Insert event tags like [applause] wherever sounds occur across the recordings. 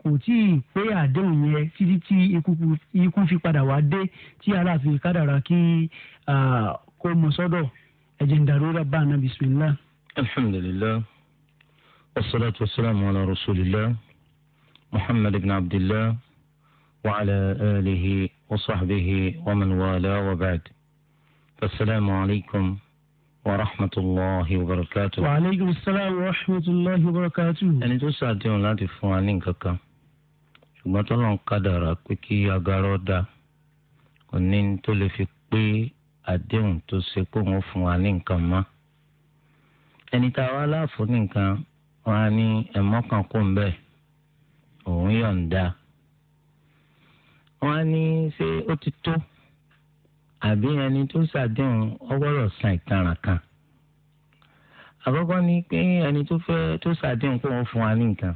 kò tí ì pé àdéhùn yẹn títí tí ikú fi padà wá dé tí aláàfin kádàrá kí kó mọ sọ́dọ̀ ẹ̀jẹ̀ ń dàrúrà bá àná bisimilá. alhamdulilayi wasalaatu wasalaamu ala rasulillah muhammad ibn abdillah wa ala alihi wa sahbihi wa man wala wa ba'd. fasalaamu alaykum. ورحمة الله وبركاته وعليكم السلام ورحمة الله وبركاته ẹni tó ṣàdéhùn láti fún wa ní nǹkan kan ṣùgbọ́n tó lọ́n kádàrà pé kí agarọ́ da kò ní tó lè fi pé àdéhùn tó ṣe pé òun fún wa ní nǹkan mọ́ ẹni tá a wá láàfún ní nǹkan wọn á ní ẹ̀mọ́kàn kó ń bẹ̀ òun yọ̀ǹda wọn á ní ṣé ó ti tó àbí ẹni tó ṣàdéhùn ọgbọ́dọ̀ san ìtanràn kan àkọ́kọ́ ni pé ẹni tó fẹ́ tó ṣàdéhùn kó wọ́n fún wa ní nǹkan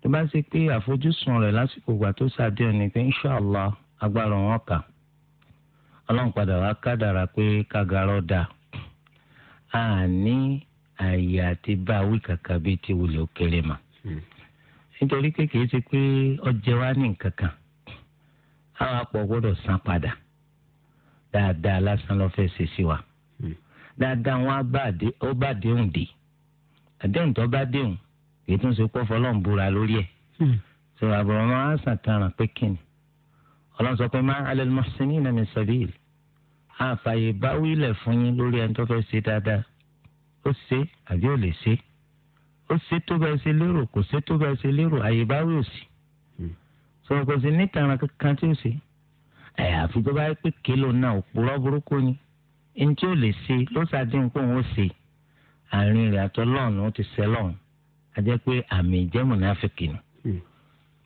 tó bá ṣe pé àfojúsùn rẹ̀ lásìkò ìgbà tó ṣàdéhùn ni pé inṣàlá agbára wọn kà ọlọ́run padà wá kádàrà pé kágarọ́ dà á ní àyè àti báwí kàkà bíi ti wulẹ̀ òkèrè mà hmm. nítorí pé ṣe pé ọjẹ́ wa ní nǹkan kan àwọn àpò gbọ́dọ̀ san padà. Hmm dáadáa lásán ló fẹ́ ṣe sí wa hmm. dáadáa wọn ó bá déhùn dé àdéhùn tó bá déhùn kì í tún ṣe pọ́ fọlọ́n búra lórí ẹ̀ hmm. so àbúrò wọn á sàn taràn pé kíni ọlọ́run sọ pé má alẹ́ muhsinina min sabil àfààyè bá wílẹ̀ fún yín lórí ẹni tó fẹ́ ṣe dáadáa ó ṣe àbí ó lè ṣe ó ṣe tó bẹ́ẹ̀ ṣe lérò kò ṣe tó bẹ́ẹ̀ ṣe lérò àyè bá wí òsì sọ̀rọ̀ hmm. kò sí níta ara kankan tí ó ṣe. àyàfi tó bá yẹ pé kìlò náà òpùrọ́ burúkú ni ẹni tí ó lè ṣe ló ṣàdín òun ó ṣe àárín ti ṣẹ́ a je pé àmì je mọ̀nàfíkì nù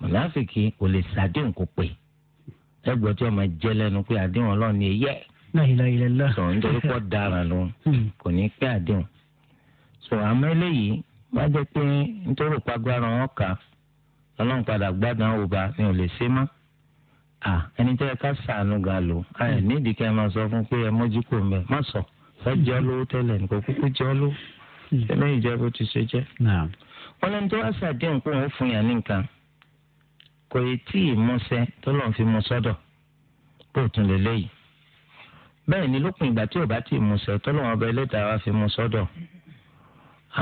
mọ̀nàfíkì kò lè ṣàdín kó pè ẹgbẹ́ tí ọmọ jẹ́ lẹ́nu pé àdéhùn ọlọ́run ni èyẹ lọ nítorí pọ̀ dára ló hmm. kò ní pẹ́ àdéhùn so àmọ́ eléyìí wá jẹ́ pé nítorí pàgbára wọn kà padà ni ò lè ṣe mọ. ẹni tẹ́ ká sànù ga lò ẹ nídìí kẹ́ ẹ máa sọ fún pé ẹ mọ́jú kò mẹ́ má sọ ẹ jẹ́ lówó tẹ́lẹ̀ nǹkan kúkú jẹ́ lówó eléyìí hmm. jẹ́ bó ti ṣe jẹ́. wọ́n lẹ́nu tó wá ṣàdéhùn pé òun fún yàn ní kò yìí tí ì mọ́sẹ́ tó lọ́n fi mú sọ́dọ̀ bó tún lè léyìí. bẹ́ẹ̀ ni lópin ìgbà tí ò bá tí ì mọ́sẹ́ tó lọ́n ọba ẹlẹ́dàá wa fi mú sọ́dọ̀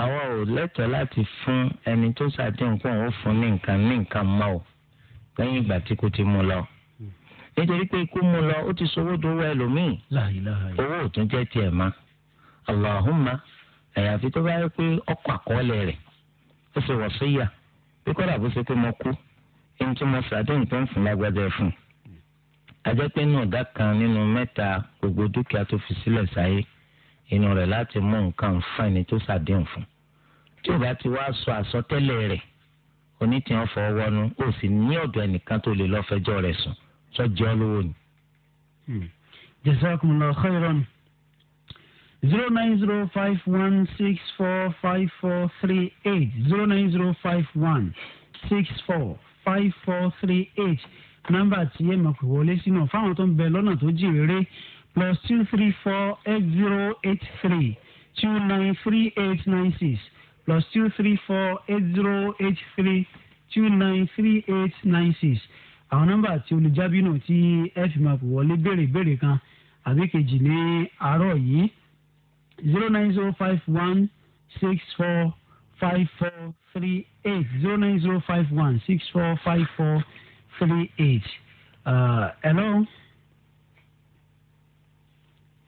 àwa ò lẹ́tọ̀ọ́ láti fún ẹni tó ṣàdéhùn pé òun fún ní nǹkan ní nǹkan mọ́ ìgbà tí kò ti mú lọ. nítorí pé ikú mu lọ ó ti sọwọ́ dowó ẹlòmíì owó ò tún jẹ́ tiẹ̀ ma Allahumma àyàfi tó bá yẹ pé ọkọ̀ àkọọ́lẹ̀ rẹ̀ ó ṣe bí kọ́dà bó ṣe pé mo kú ẹni tí mo ṣàdéhùn tó ń fún ajẹ́ pé inú ọ̀dà kan nínú mẹ́ta gbogbo fi sílẹ̀ sáyé inú rẹ̀ láti mú nǹkan fún ẹni tó sọjọ lówó ni. jazakumullahu khairan zero nine zero five one six four five four three eight zero nine zero five one six four five four three eight nọ́mbà tí ẹ máa pè wọlé sínú fáwọn tó ń bẹ lọ́nà tó jìn rere plus two three four eight zero eight three two nine three eight nine six plus two three four eight zero eight three two nine three eight nine six àwọn nọ́mbà tí olùjábí náà tí ẹ fi máa pò wọlé béèrè béèrè kan àbí kejì ní àárọ̀ yìí zero nine zero five one six four five four three eight zero nine zero five one six four five four three eight uh, hello.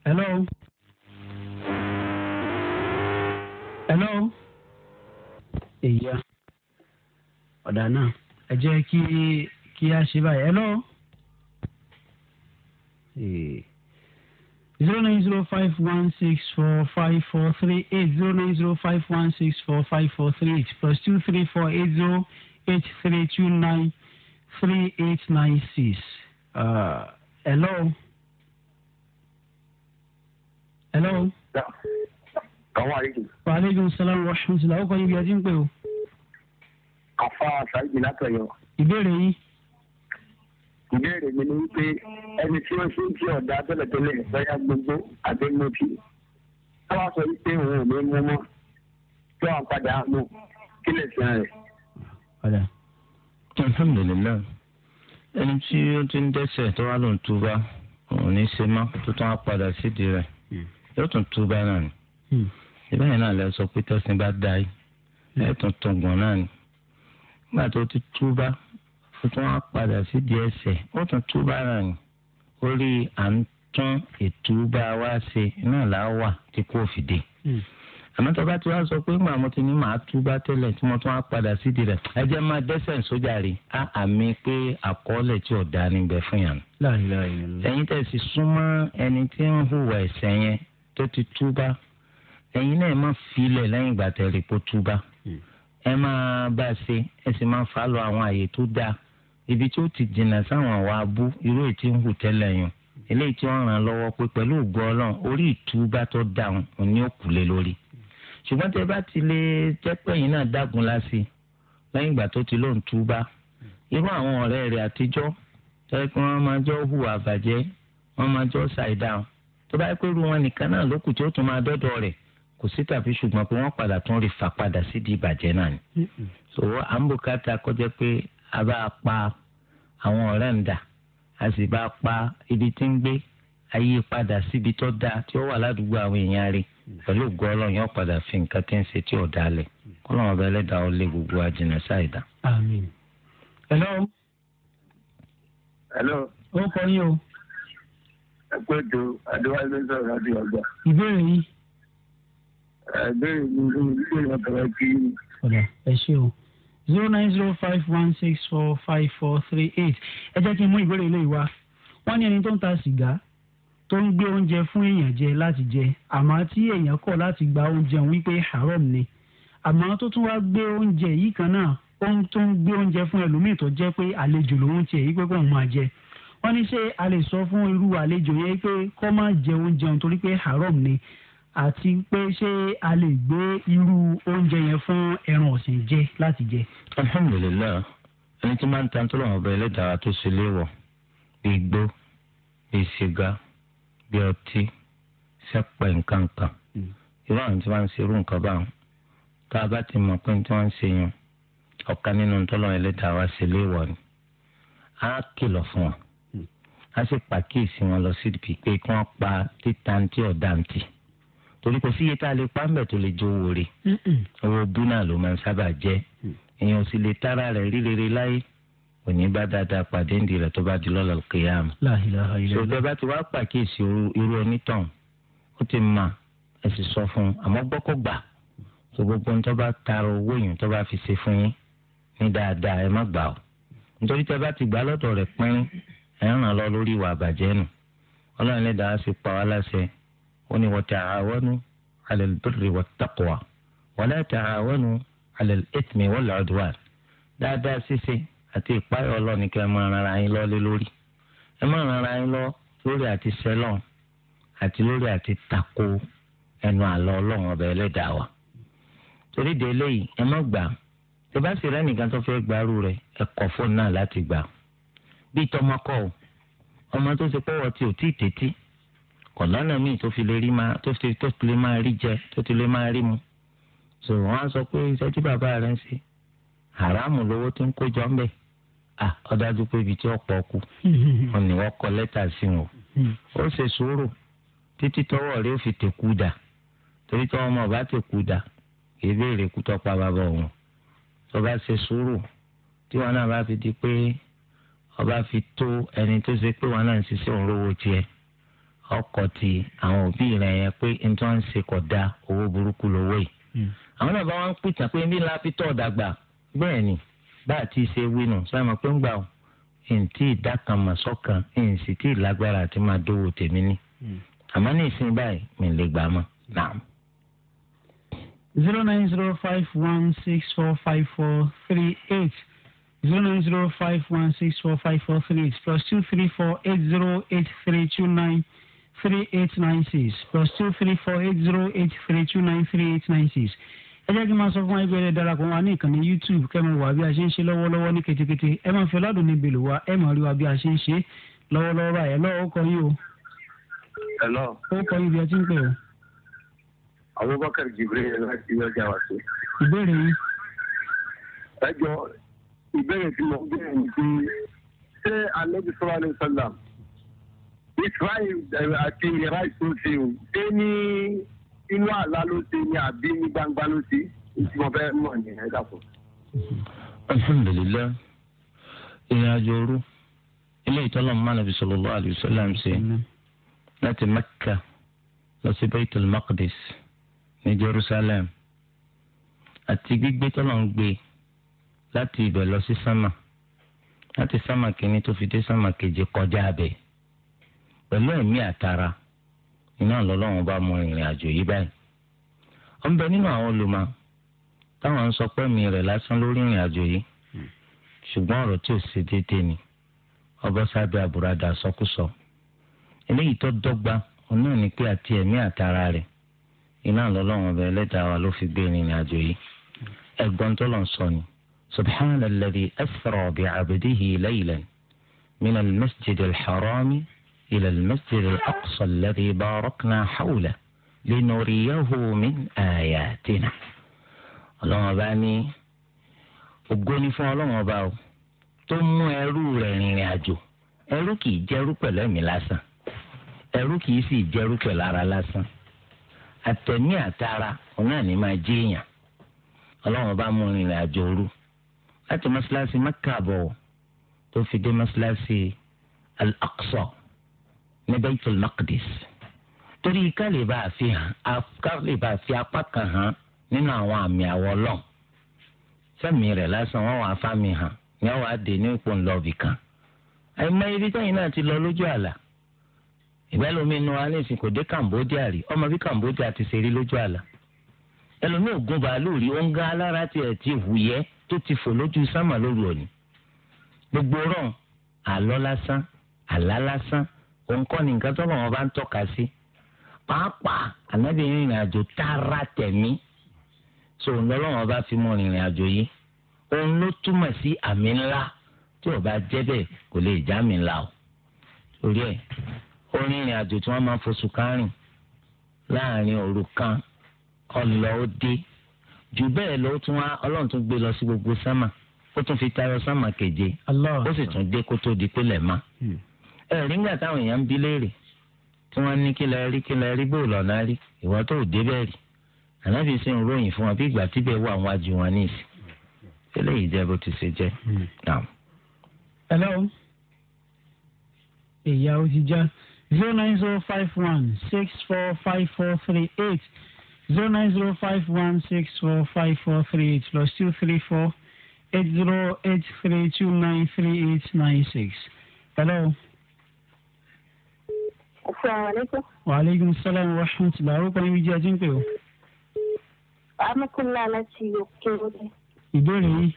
hello. hello. èyí ọ̀dà náà ẹ jẹ́ kí kí a ṣe báyìí hello zero nine zero five one six four five four three eight zero nine zero five one six four five four three eight plus two three four eight zero eight three two nine three eight nine six uh, hello. hello. Àwọn àlejò. Wa aleykum salaam wa rahmatulah. Ó kọ́ ibi ẹtí ń pè o. Àfa Ṣáìdì látọ̀yọ̀. Ìbéèrè yín ìbéèrè mi ni wípé ẹni tí wọ́n ṣe ń tí ọ̀dà tẹ́lẹ̀tẹ́lẹ̀ bẹ́yà gbogbo àti mọ́tì tó wá sọ wípé òun ò ní mú mọ́ tó wà padà mú kí lè sàn rẹ̀. padà alhamdulilayi ẹni tí ó ti ń dẹ́ṣẹ̀ tó wá lóun túbá òun ní í ṣe má tó tún á padà sídìí rẹ̀ yóò tún túbá náà ni ìbáyìí náà lè sọ pé tẹ́sán bá dá yìí ẹ̀ tún tọ̀gbọ̀n náà ni nígbà tó ti túbá ó wa wá padà sídìí ẹsẹ̀ ó tún túbà náà ní orí à ń tún ìtúbà wá ṣe náà là wà tí kò fìdí. Hmm. àmọ́ tó bá ti wá sọ pé màá mo ti ní màá túbà tẹ́lẹ̀ tí mo tún wá padà sídìí rẹ̀ ẹ jẹ́ máa dẹ́ṣẹ̀ sójà rí á àmì pé àkọọ́lẹ̀ tí ò dá níbẹ̀ fún yàn. ẹ̀yin tẹ̀sí súnmọ́ ẹni tí ń hùwà ẹ̀ṣẹ̀ yẹn tó ti túbà ẹ̀yin náà má filẹ̀ lẹ́yìn ìgbà tẹ̀lé kó túbà hmm. ẹ máa bá a ṣe ẹ sì máa fà lọ àwọn àyè tó dáa ibi tí ó ti jìnnà sáwọn àwọn abú irú ètí ń hù tẹ́lẹ̀ yun eléyìí tí wọ́n ràn lọ́wọ́ pé pẹ̀lú ògùn ọlọ́run orí ìtúbá tó dáhùn òní òkú lé lórí ṣùgbọ́n tẹ́ bá ti lè jẹ́ pẹ́yìn náà dágun láti lẹ́yìn ìgbà tó ti lóun túbá irú àwọn ọ̀rẹ́ rẹ̀ àtijọ́ tẹ́ pé wọ́n máa jọ hùwà àbàjẹ́ wọ́n máa jọ ṣàìdáhùn tó bá yẹ pé irú wọn nìkan náà lókù tí ó tún máa dọ́dọ̀ rẹ̀ kò sí tàbí ṣùgbọ́n pé wọ́n padà tún rí fà padà sídìí ìbàjẹ́ náà ni. sòwò àǹbùkátà kọjá pé a bá pa àwọn ọ̀rẹ́ ń dà a sì bá pa ibi tí ń gbé ayé padà síbi tó dáa tí ó wà ládùúgbò àwọn èèyàn rẹ̀ pẹ̀lú ògùn ọlọ́run yóò padà fi nǹkan tí ń ṣe tí ò dáa lẹ̀ kọ́lọ́run ọba ẹlẹ́dàá ó lé gbogbo àjìnà sáìdá. àmín. hello. hello. ó kọ yín o. ẹ pé ètò adéwálé sọ̀rọ̀ láti ọgbà. ìbéèrè yìí. ìbéèrè mi ni ìbéèrè ọ̀tọ̀ rẹ kí. ọ̀dà ẹ ṣé o zero nine zero five one six four five four three eight ẹ jẹ́ kí n mú ìbéèrè ilé ìwà wọ́n ní ẹni tó ń ta sìgá tó ń gbé oúnjẹ fún èèyàn jẹ láti jẹ àmọ́ tí èèyàn kọ̀ láti gba oúnjẹ wípé haram ni àmọ́ tó tún wá gbé oúnjẹ yìí kan náà ó tó ń gbé oúnjẹ fún ẹlòmíì tó jẹ́ pé àlejò lòun tiẹ̀ yìí pé kóun máa jẹ wọ́n ní ṣé a lè sọ fún irú àlejò yẹn pé kó má jẹ oúnjẹ òun pé haram ni àti pé ṣé a lè gbé irú oúnjẹ yẹn fún ẹran ọ̀sìn jẹ láti jẹ. alhamdulilayi ẹni tí máa ń tan tọ́lọ̀ ọba ẹlẹ́dàá tó ṣe léwọ̀ bíi igbó bíi sìgá bíi ọtí sẹ́pẹ̀ nǹkankan hmm. irú àwọn tí wọ́n ń ṣe irú nǹkan báwọn tá a bá ti mọ̀ pé tí wọ́n ń ṣe yẹn ọ̀kan nínú tọ́lọ̀ ẹlẹ́dàá wa ṣe léwọ̀ ni á kìlọ̀ fún wọn á hmm. sì pàkíyèsí wọn lọ síbi pé kí wọ́n pa títa ntí torí kò sí iye tá a lè pa ńbẹ tó lè jẹ owó rẹ̀ owó bú náà ló máa ń sábà jẹ mm. èèyàn sì lè tára rẹ̀ rírere láyé òní bá dáadáa pàdé ǹdí rẹ̀ tó bá di lọ́la kìyàm. ṣùgbọ́n bá ti wá pàkíyèsí irú onítàn ó ti mà ẹ sì sọ fún un àmọ́ gbọ́kọ̀ gbà tó gbogbo tó bá tara owó yìí tó bá fi ṣe fún yín ní dáadáa ẹ má gbà ó nítorí tẹ bá ti gbà lọ́dọ̀ rẹ̀ pín ẹ̀ ràn lọ lórí ìwà àbàjẹ́ nù ọlọ́run lè dáa pa wá láṣẹ ó ní wa ta'awanu 'ala al-birri wat-taqwa wa la ta'awanu 'ala al-ithmi wal-'udwan dáadáa ṣíṣe àti ìpáyọ̀ ọlọ́ni kẹ́ ẹ máa ran ara yín lọ lé lórí ẹ máa ran ara yín lọ lórí àti sẹ́lọ̀n àti lórí àti tako ẹnu àlọ́ ọlọ́run ọbẹ̀ ẹlẹ́dàá wa torí de eléyìí ẹ má gbà tó bá sì rẹ́nìkan tó fẹ́ gbàrú rẹ̀ ẹ kọ̀ fóònù náà láti gbà bí tọmọkọ ọmọ tó ṣe pọ́wọ́ tí ò tí ì tètè kọ̀lánà míì tó fi lè rí máa tó fi tó lè máa rí jẹ tó ti lè máa rí mu so wọ́n á sọ pé iṣẹ́ tí bàbá rẹ̀ ń ṣe haramu lówó tó ń kó jọ ń bẹ̀ ah ọ̀dájú pé ibi tí ọ̀pọ̀ kù wọn [laughs] ni wọ́n kọ lẹ́tà sí wọn hmm. ó ṣe sùúrù títí tọwọ́ rẹ̀ ó fi tẹ̀kú dà torí tọwọ́ ọmọ ọba tẹ̀kú dà kì í béèrè kú tọ́pa bàbá òun tó bá ṣe sùúrù tí wọn náà bá fi di pé ọba fi tó ẹni tó ṣe pé wọn náà ń ṣiṣẹ́ òun lówó tiẹ̀ ọkọ ti àwọn òbí rẹ yẹn pé n tó ń ṣe kò da owó burúkú lówó yìí. Hmm. àwọn náà bá wọn ń pìtàn pé ní la fi bẹ́ẹ̀ ni bá a ti ṣe wí nù sáàmù pé ń gbà ó ntí ìdákan màsọ́kan ntí tí ìlágbára àti máa dówó tèmi ní. Hmm. àmọ́ ní ìsìn báyìí mi lè gbà mọ́ náà. zero nine zero five one six four five four three eight zero nine zero five one six four five four three eight plus two three four eight zero eight three two nine three eight nine six plus two three four eight zero eight three two nine three eight nine six ẹ jẹ́ kí n máa sọ fún ẹgbẹ́ rẹ̀ darapọ̀ wá ní ìkànnì youtube kẹ́ mọ̀ wá bí a ṣe ń ṣe lọ́wọ́lọ́wọ́ ní ketekete ẹ máa fi ọlọ́dún níbi lò wá ẹ máa rí wa bí a ṣe ń ṣe lọ́wọ́lọ́wọ́ báyìí ẹ̀lọ́ ó kọ yín o. ẹ̀lọ́. ó kọ yín bí ẹ ti ń pè o. Abubakar Jibril láti ọjà wá sí. ìbéèrè yín. ẹ jọ ìbéèrè tí mo bẹ̀rẹ̀ ní ṣé israel àti iran tó ṣe o ṣé ní inú àlá ló ṣe ni àbí ní gbangba ló ṣe tí mo fẹ́ mọ̀ ní ẹ̀ka fún. alhamdulilayi ìrìn àjò òru ilé ìtọ́lọ̀ mọ́nàbí sallallahu alaihi wasallam ṣe láti mẹ́kà lọ sí baitul maqdis ní jerusalem àti gbígbé tọ́lọ̀ ń gbé láti ibẹ̀ lọ sí sámà láti sámà kìíní tó fi dé sámà kejì kọjá abẹ́ẹ́ pẹ̀lú ẹ̀mí àtara iná lọ́lọ́run bá mọ ìrìn àjò yìí báyìí. ó ń bẹ nínú àwọn olùmọ̀ táwọn ń sọ pé mi rẹ̀ lásán lórí ìrìn àjò yìí hmm. ṣùgbọ́n ọ̀rọ̀ tí ò ṣe déédéé ni ọbọ̀ àbúradà sọkúsọ. eléyìí tó dọ́gba ọ̀nà ni pé àti ẹ̀mí àtara rẹ̀ iná lọ́lọ́run ọba ẹlẹ́dàá wa ló fi gbé ìrìn àjò yìí. ẹ̀gbọ́n tó lọ́n sọ ni subhanalladhi asra bi abdihi إلى المسجد الأقصى الذي باركنا حوله لنريه من آياتنا ọlọ́run ọba ní ògo ni fún ọlọ́run ọba o tó mú ẹrú rẹ̀ rìnrìn àjò ẹrú kìí jẹ́rú pẹ̀lú ẹ̀mí lásán ẹrú kìí sì jẹ́rú pẹ̀lú ara lásán àtẹ̀mí àtara ọ̀nà ni máa jẹ́ èèyàn ọlọ́run ọba mú rìnrìn àjò òru láti mọ́ṣáláṣí mẹ́kà bọ̀ tó fi dé mọ́ṣáláṣí al-Aqsa ní Baitul Maqdis torí ká lè bá fi hàn ká lè bá fi apá kan hàn nínú àwọn àmì àwọ̀ ọlọ́run sẹ́mi rẹ̀ lásán wọ́n wàá fámi hàn ni wọ́n wàá dé ní ipò ńlọ́ọ̀bì kan àìmọ ibi tẹ́yìn náà ti lọ lójú àlà ìbẹ́lómi inú wa nísìn kò dé Cambodia rí ọmọ bí Cambodia ti ṣe rí lójú àlà ẹlòmí ògùn bàálù rí ó alára tiẹ̀ ti hùyẹ́ tó ti fò lójú sámà lóru òní gbogbo rọ̀ àlọ́ lásán àlá lásán òǹkọ́ ni nǹkan tó lọ́wọ́ bá ń tọ́ka sí pàápàá ànábì rìnrìn àjò tààrà tẹ̀mí so ńlọ́wọ́ bá fi mọ rìnrìn àjò yìí òun ló túmọ̀ sí àmì ńlá tí ò bá jẹ́ bẹ́ẹ̀ kò lè já mi ńlá o torí ẹ̀ ó rìnrìn àjò tí wọ́n máa foṣù kárìn láàrin òru kan ọlọ́ ó dé jù bẹ́ẹ̀ lọ tún wá ọlọ́run tún gbé lọ sí gbogbo sámà ó tún fi tayọ sámà keje ó sì tún dé kó tó di pé lẹ̀ máa. Hmm ẹ̀rí ńgbà táwọn èèyàn ń bi léèrè tí wọ́n ní kí lẹ rí kí lẹ rí bóòlù ọ̀la rí ìwọ tó ò débẹ̀ rí ànábì sì ń ròyìn fún wọn bí ìgbà tíbẹ̀ wà wọn ju wọn ní ìsìn eléyìí jẹ́ bó ti ṣe jẹ́. Hmm. hello ìyá ó ti já zero nine zero five one six four five four three eight zero nine zero five one six four five four three eight plus two three four eight zero eight three two nine three eight nine six. hello asalaamualeykum. waaleykum salaam wa rahmatulah orúkọ yín jíjẹ́ tí ń pè ọ́. amakunla láti òkè òde. ìbéèrè yìí.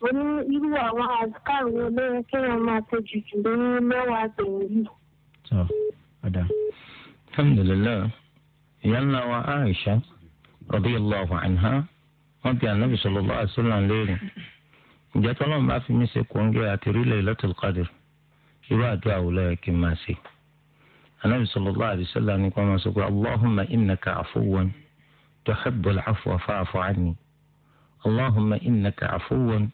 mo ní irú àwọn àzùkárù wo ló yẹ kéèyàn máa tẹjú jù lórí mẹ́wàá àgbẹ̀yìn yìí. sọ ọ̀dà. alhamdulilayi ìyá ńlá wa aisha radiyallahu anha wọ́n bi anabi sallallahu alaihi wasallam léèrè ìjẹ́ tọ́lọ́mù bá fi mí ṣe kóńgẹ́ àti rílẹ̀ lọ́tọ̀lùkadìrì irú àdúrà wo ló yẹ kí n máa ṣe anabi sallallahu alaihi wasallam ní kó máa sọ pé allahumma innaka afuwan tuhibbul afwa fa'fu anni allahumma innaka afuwan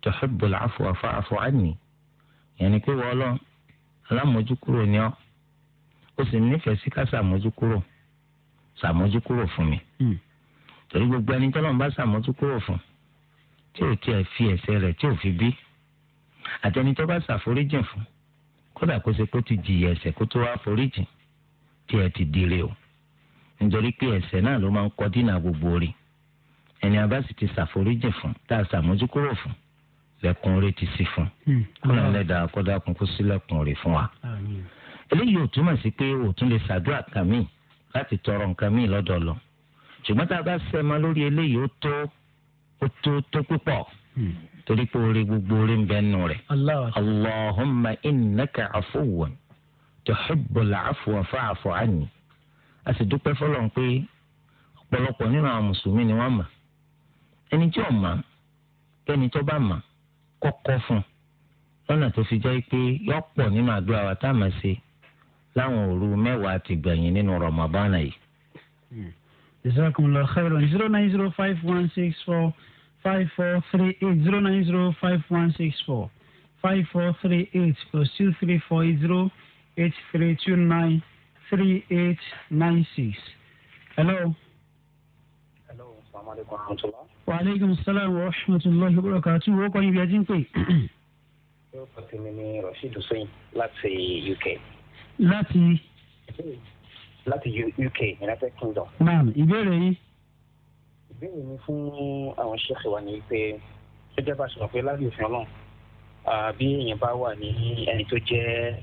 tuhibbul afwa fa'fu anni yẹn ni pé wọlọ alámójúkúrò ni ọ ó sì nífẹ̀ẹ́ sí ká sàmójúkúrò sàmójúkúrò fún mi hmm. torí gbogbo ẹni tọ́lọ́run bá sàmójúkúrò fún tí ò tiẹ̀ fi ẹ̀ṣẹ̀ rẹ̀ tí ò fi bí àtẹnitọ́ bá ṣàforíjìn fún kódà kó ṣe kó ti jìyà ẹ̀ṣẹ̀ kó tó wá foríjì tí ẹ ti dire o nítorí pé ẹ̀ṣẹ̀ náà ló máa ń kọ dínà gbogbo rẹ̀ ẹni abá sì ti ṣàforíjì fún tá a ṣàmójúkúrò fún lẹ̀kùn rẹ̀ ti sí fún kọlọ lẹdà kọdàkùn kó sí lẹ̀kùn fún wa. eléyìí ò túmọ̀ sí pé òtún lè ṣàdúrà kan míì láti tọrọ nǹkan míì lọ́dọ̀ ṣùgbọ́n tá a bá sẹ́mọ lórí eléyìí ó tó ó tó tó púpọ̀ Hmm. torí pé orí gbogbo orí ń bẹ nù rẹ̀ allahumma innaka afuwan tuhibbul afwa fa'fu anni a sì dúpẹ́ fọlọ́n pé ọ̀pọ̀lọpọ̀ nínú àwọn mùsùlùmí ni wọ́n mọ̀ ẹni tí ò mọ̀ kẹ́ni tó bá mọ̀ kọ́kọ́ fún lọ́nà tó fi jẹ́ pé yọ̀pọ̀ nínú àdúrà wa tá ṣe láwọn òru mẹ́wàá ti gbẹ̀yìn nínú Ramadan yìí. Hmm. jazakumullahu khairan zero nine zero five five four three eight zero nine zero five one six four five four three eight plus two three four zero eight three two nine three eight nine six. hello. hello salaamaleykum wa rahmatulah. wa aleykum salaam wa rahmatulah wa barakatuh wo kàn yín bí ẹ ti ń pè. yóò pàtẹ mi ní rasheed hussein láti uk. láti. láti uk united kingdom. naam ìbéèrè yìí ìbéèrè mi fún àwọn ṣẹ́ẹ̀kì wa ni pé gẹ́gẹ́ bá a ṣe wà pé lábẹ́ òfin ọlọ́run bí èèyàn bá wà ní ẹni tó jẹ́.